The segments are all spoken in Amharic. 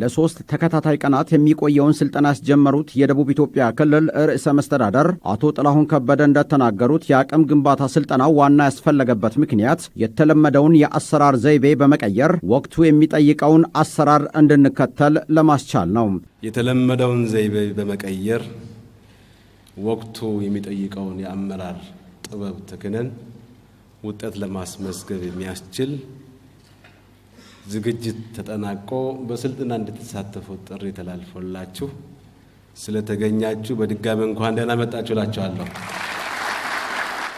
ለሶስት ተከታታይ ቀናት የሚቆየውን ስልጠና ያስጀመሩት የደቡብ ኢትዮጵያ ክልል ርዕሰ መስተዳደር አቶ ጥላሁን ከበደ እንደተናገሩት የአቅም ግንባታ ስልጠናው ዋና ያስፈለገበት ምክንያት የተለመደውን የአሰራር ዘይቤ በመቀየር ወቅቱ የሚጠይቀውን አሰራር እንድንከተል ለማስቻል ነው። የተለመደውን ዘይቤ በመቀየር ወቅቱ የሚጠይቀውን የአመራር ጥበብ ተክነን ውጤት ለማስመዝገብ የሚያስችል ዝግጅት ተጠናቆ በስልጠና እንድትሳተፉ ጥሪ ተላልፎላችሁ ስለተገኛችሁ በድጋሚ እንኳን ደህና መጣችሁ እላችኋለሁ።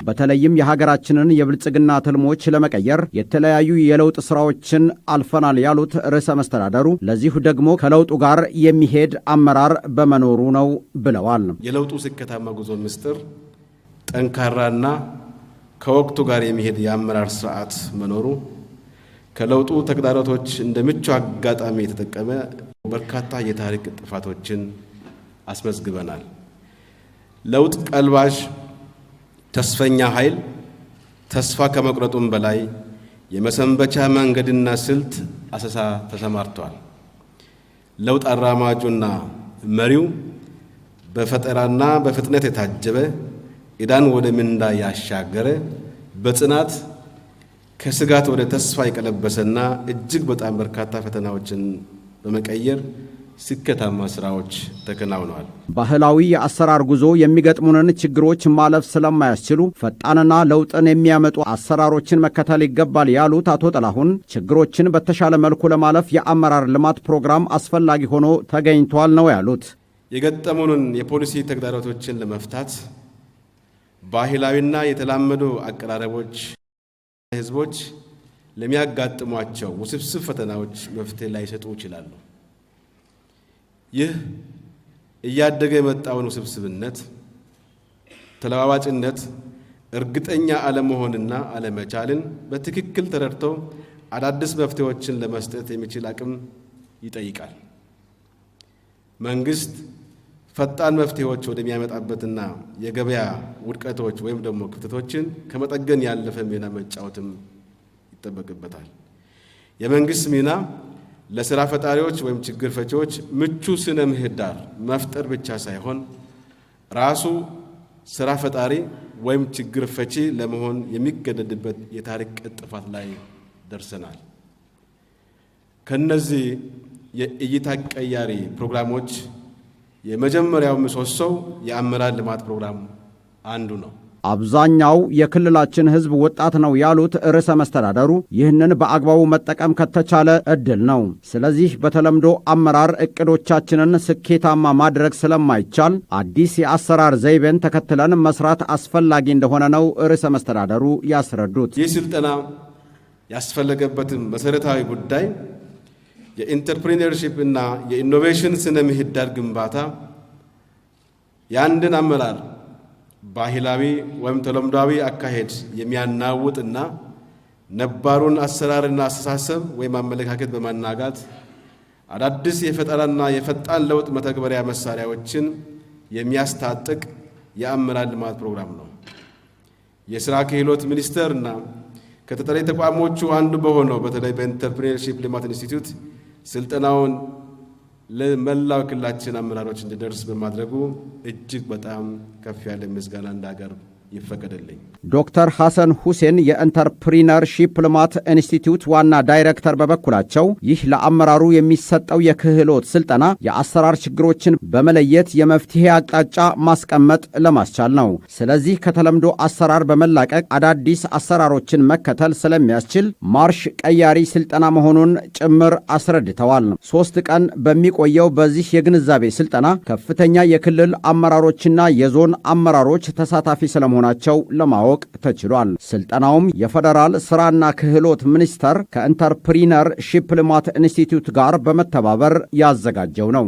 በተለይም የሀገራችንን የብልጽግና ትልሞች ለመቀየር የተለያዩ የለውጥ ስራዎችን አልፈናል ያሉት ርዕሰ መስተዳደሩ፣ ለዚሁ ደግሞ ከለውጡ ጋር የሚሄድ አመራር በመኖሩ ነው ብለዋል። የለውጡ ስኬታማ ጉዞ ምስጢር ጠንካራና ከወቅቱ ጋር የሚሄድ የአመራር ስርዓት መኖሩ ከለውጡ ተግዳሮቶች እንደ ምቹ አጋጣሚ የተጠቀመ በርካታ የታሪክ ጥፋቶችን አስመዝግበናል። ለውጥ ቀልባሽ ተስፈኛ ኃይል ተስፋ ከመቁረጡም በላይ የመሰንበቻ መንገድና ስልት አሰሳ ተሰማርቷል። ለውጥ አራማጁና መሪው በፈጠራና በፍጥነት የታጀበ ኢዳን ወደ ምንዳ ያሻገረ በጽናት ከስጋት ወደ ተስፋ የቀለበሰና እጅግ በጣም በርካታ ፈተናዎችን በመቀየር ስኬታማ ስራዎች ተከናውነዋል። ባህላዊ የአሰራር ጉዞ የሚገጥሙንን ችግሮች ማለፍ ስለማያስችሉ ፈጣንና ለውጥን የሚያመጡ አሰራሮችን መከተል ይገባል ያሉት አቶ ጥላሁን ችግሮችን በተሻለ መልኩ ለማለፍ የአመራር ልማት ፕሮግራም አስፈላጊ ሆኖ ተገኝቷል ነው ያሉት። የገጠሙንን የፖሊሲ ተግዳሮቶችን ለመፍታት ባህላዊና የተላመዱ አቀራረቦች ህዝቦች ለሚያጋጥሟቸው ውስብስብ ፈተናዎች መፍትሄ ላይሰጡ ይችላሉ። ይህ እያደገ የመጣውን ውስብስብነት፣ ተለዋዋጭነት፣ እርግጠኛ አለመሆንና አለመቻልን በትክክል ተረድተው አዳዲስ መፍትሄዎችን ለመስጠት የሚችል አቅም ይጠይቃል። መንግስት ፈጣን መፍትሄዎች ወደሚያመጣበትና የገበያ ውድቀቶች ወይም ደግሞ ክፍተቶችን ከመጠገን ያለፈ ሚና መጫወትም ይጠበቅበታል። የመንግስት ሚና ለስራ ፈጣሪዎች ወይም ችግር ፈቺዎች ምቹ ስነ ምህዳር መፍጠር ብቻ ሳይሆን ራሱ ስራ ፈጣሪ ወይም ችግር ፈቺ ለመሆን የሚገደድበት የታሪክ ቅጥፋት ላይ ደርሰናል። ከነዚህ የእይታ ቀያሪ ፕሮግራሞች የመጀመሪያው ምሰሶው የአመራር ልማት ፕሮግራም አንዱ ነው። አብዛኛው የክልላችን ሕዝብ ወጣት ነው ያሉት ርዕሰ መስተዳደሩ ይህንን በአግባቡ መጠቀም ከተቻለ እድል ነው። ስለዚህ በተለምዶ አመራር እቅዶቻችንን ስኬታማ ማድረግ ስለማይቻል አዲስ የአሰራር ዘይቤን ተከትለን መስራት አስፈላጊ እንደሆነ ነው ርዕሰ መስተዳደሩ ያስረዱት። ይህ ስልጠና ያስፈለገበትን መሠረታዊ ጉዳይ የኢንተርፕሪነርሺፕ እና የኢኖቬሽን ስነ ምህዳር ግንባታ የአንድን አመራር ባህላዊ ወይም ተለምዳዊ አካሄድ የሚያናውጥና ነባሩን አሰራርና አስተሳሰብ ወይም አመለካከት በማናጋት አዳዲስ የፈጠራና የፈጣን ለውጥ መተግበሪያ መሳሪያዎችን የሚያስታጥቅ የአመራር ልማት ፕሮግራም ነው። የስራ ክህሎት ሚኒስቴር እና ከተጠሪ ተቋሞቹ አንዱ በሆነው በተለይ በኢንተርፕሪነርሺፕ ልማት ኢንስቲትዩት ስልጠናውን ለመላው ክልላችን አመራሮች እንዲደርስ በማድረጉ እጅግ በጣም ከፍ ያለ ምስጋና እንዳቀርብ ይፈቀደልኝ። ዶክተር ሐሰን ሁሴን የኢንተርፕሪነርሺፕ ልማት ኢንስቲትዩት ዋና ዳይሬክተር በበኩላቸው ይህ ለአመራሩ የሚሰጠው የክህሎት ስልጠና የአሰራር ችግሮችን በመለየት የመፍትሄ አቅጣጫ ማስቀመጥ ለማስቻል ነው። ስለዚህ ከተለምዶ አሰራር በመላቀቅ አዳዲስ አሰራሮችን መከተል ስለሚያስችል ማርሽ ቀያሪ ስልጠና መሆኑን ጭምር አስረድተዋል። ሶስት ቀን በሚቆየው በዚህ የግንዛቤ ስልጠና ከፍተኛ የክልል አመራሮችና የዞን አመራሮች ተሳታፊ ስለመሆኑ መሆናቸው ለማወቅ ተችሏል። ስልጠናውም የፌደራል ስራና ክህሎት ሚኒስቴር ከኢንተርፕሪነር ሺፕ ልማት ኢንስቲትዩት ጋር በመተባበር ያዘጋጀው ነው።